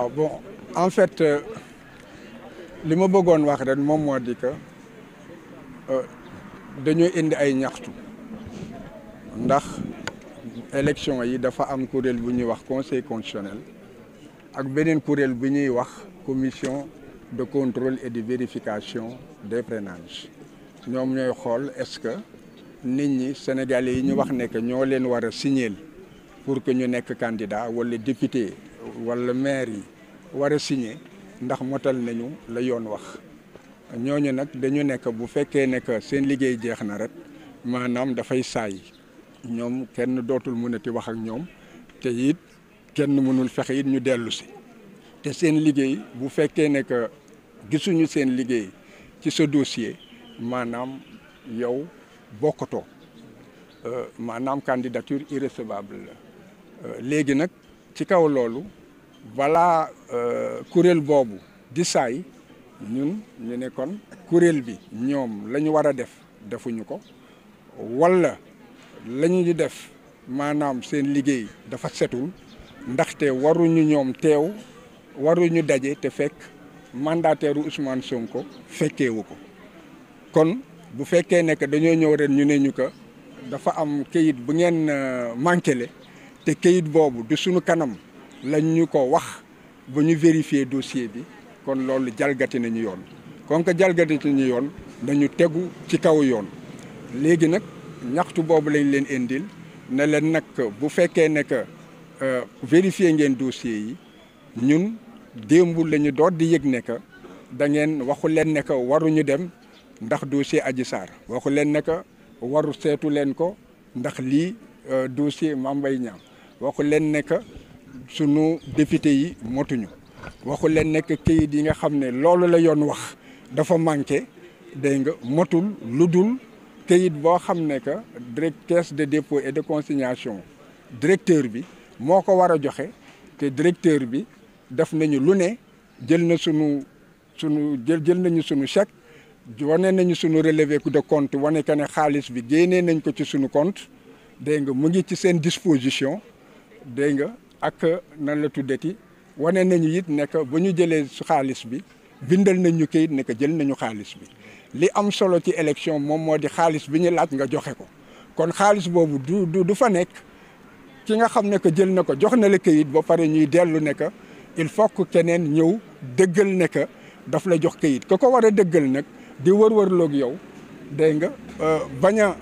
Ah, bon en fait euh, li ma bëggoon wax ren moom moo di que euh, dañoo indi ay ñaxtu ndax élection yi dafa am kuréel bu ñuy wax conseil constitutionnel ak beneen kuréel bu ñuy wax commission de contrôle et de vérification des parrainages ñoom ñooy xool est-ce que nit ñi sénégalais yi ñu wax ne que ñoo leen war a signer pour que ñu nekk candidat wala député wala maire yi war a signer ndax motal nañu la yoon wax ñooñu nag dañu nekk bu fekkee ne que seen liggéey jeex na rek maanaam dafay saay ñoom kenn dootul mënati wax ak ñoom te it kenn mënul fexe it ñu dellu si te seen liggéey bu fekkee ne gisuñu seen liggéey ci sa dossier maanaam yow bokkatoo euh, maanaam kandidatur irrecevable la euh, léegi nag ci kaw loolu balaa euh, kuréel boobu di saay ñun ñu ne kon kuréel bi ñoom la ñu war a def defuñu ko walla la ñu def maanaam seen liggéey dafa setul ndaxte waruñu ñoom teew waruñu daje te fekk mandataire Ousmane ko fekkeewu ko kon bu fekkee nekk dañoo ñëw ren ñu ne ñu ko dafa am kayit bu ngeen euh, manqué le te kayit boobu du sunu kanam lañ ñu ko wax ba ñu vérifier dossier bi kon loolu jalgati nañu yoon kon que jalgati nañu yoon dañu tegu ci kaw yoon léegi nag ñaxtu boobu lañ leen indil ne leen nag bu fekkee ne que euh, vérifier ngeen dossier yi ñun démb lañu ñu di yëg ne que da ngeen waxu leen ne waru ñu dem ndax dossier aji Sarr waxu leen ne que waru seetu leen ko ndax lii euh, dossier Mame Mbaye Niang waxu leen ne que sunu dépité yi motuñu waxu leen ne kayit yi nga xam ne loolu la yoon wax dafa manqué dégg nga motul lu dul kayit boo xam ne que direct caisse de dépôt et de consignation directeur bi moo ko war a joxe te directeur bi def nañu lu ne jël na sunu sunu jël jël nañu sunu chèque wane nañu sunu relevé de compte wane que ne xaalis bi génnee nañ ko ci sunu compte dégg nga mu ngi ci seen disposition. dégg nga ak nan la tuddati wane nañu it nekk ba ñu jëlee xaalis bi bindal nañ ñu kayit nekk jël nañu xaalis bi li am solo ci élection moom moo di xaalis bi ñu laaj nga joxe ko kon xaalis boobu du fa nekk ki nga xam ne que jël na ko jox na la kayit ba pare ñuy dellu ne que il faut que keneen ñëw dëggal ne que daf la jox kayit ko ko war a dëggal nag di wër-wër loog yow dégg nga euh, bañ a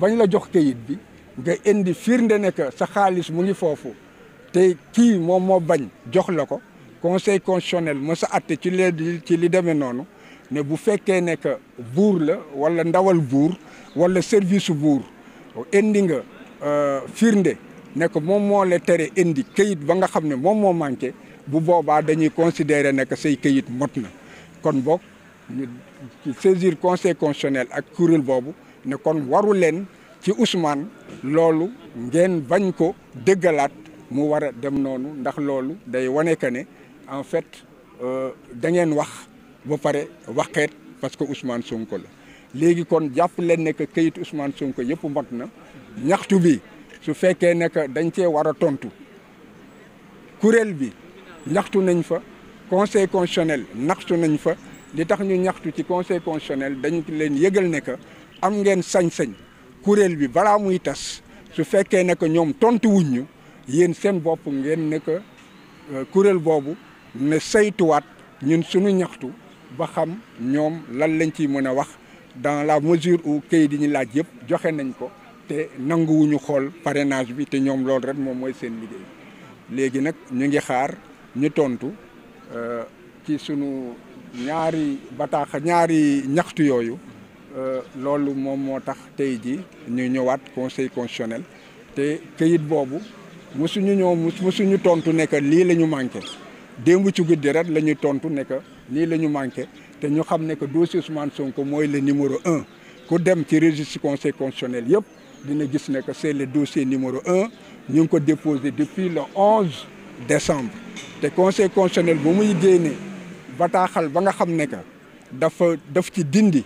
bañ la jox kayit bi. nga indi firnde ne sa xaalis mu ngi foofu te kii moom moo bañ jox la ko conseil constitutionnel ma sa atte ci lee ci li demee noonu ne bu fekkee ne que buur la wala ndawal buur wala service buur indi nga euh, firnde ne que moom moo la tere indi kayit ba nga xam ne moom moo manqué bu boobaa dañuy considérer ne que say kayit mot na kon boog ñu saisir conseil constitutionnel ak kuréel boobu ne kon waru ci Ousmane loolu ngeen bañ ko dëggalaat mu war a dem noonu ndax loolu day wane que ne en fait euh, da ngeen wax ba pare waxeet parce que Ousmane Sonko la léegi kon jàpp leen ne que këyit Ousmane Sonko yëpp mot na ñaxtu bi su fekkee ne que dañ cee war a tontu kuréel bi ñaxtu nañ fa conseil constitutionnel ñaxtu nañ fa li tax ñu ñaxtu ci conseil constitutionnel dañ leen yëgal ne que am ngeen sañ-sañ. kuréel bi balaa muy tas su fekkee ne ñoom tontu wuñ ñu yéen seen bopp ngeen ne que euh, kuréel boobu ne saytuwaat ñun suñu ñaxtu ba xam ñoom lan lañ ciy mën a wax dans la mesure u kayit yi ñu laaj yëpp joxe nañ ko te nanguwuñu xool parrainage bi te ñoom loolu rek moom mooy seen liggéey léegi nag ñu ngi xaar ñu tontu euh, ci sunu ñaari bataax ñaari ñaxtu yooyu. Euh, loolu moom moo tax tey jii ñu ñëwaat conseil constitutionnel te kayit boobu suñu mosuñu mu suñu tontu ne lii la ñu manqué démb ci guddi rek la ñuy tontu ne que lii la ñu manqué te ñu xam ne que dossier Ousmane Sonko mooy le numéro un ku dem ci registre conseil constitutionnel yëpp dina gis ne que c'est le dossier numéro un ñu ngi ko déposé depuis le 11 décembre te conseil ba mu muy génnee bataaxal ba nga xam ne que dafa daf ci dindi.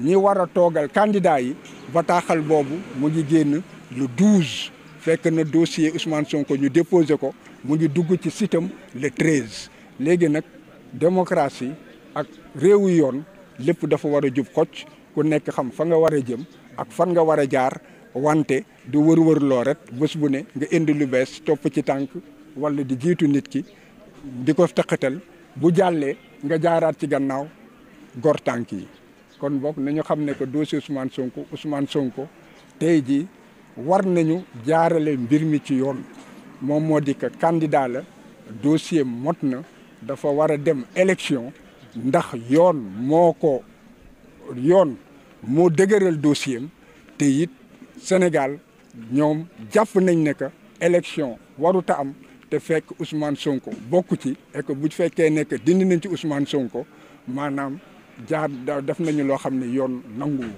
ñi war a toogal candidat yi bataaxal boobu mu ngi génn lu 12 fekk na dossier Ousmane ko ñu déposé ko mu ngi dugg ci sitam le 13 léegi nag démocratie ak réewu yoon lépp dafa war a jub kocc ku nekk xam fa nga war a jëm ak fan nga war a jaar wante du wër-wër loo rek bés bu ne nga indi lu bees topp ci tànk wala di jiitu nit ki di ko taqatal bu jàllee nga jaaraat ci gannaaw gor tànk yi. kon bokk nañu xam ne que dossier Ousmane Sonko Ousmane Sonko tey jii war nañu jaarale mbir mi ci yoon moom moo di que candidat la dossier mot na dafa war a dem élection ndax yoon moo ko yoon moo dëgëral dossier te it Sénégal ñoom jàpp nañ ne que élection warut a am te fekk Ousmane Sonko bokku ci et que bu fekkee ne dindi nañ ci Ousmane Sonko maanaam. jaar def nañu loo xam ne yoon nanguwu.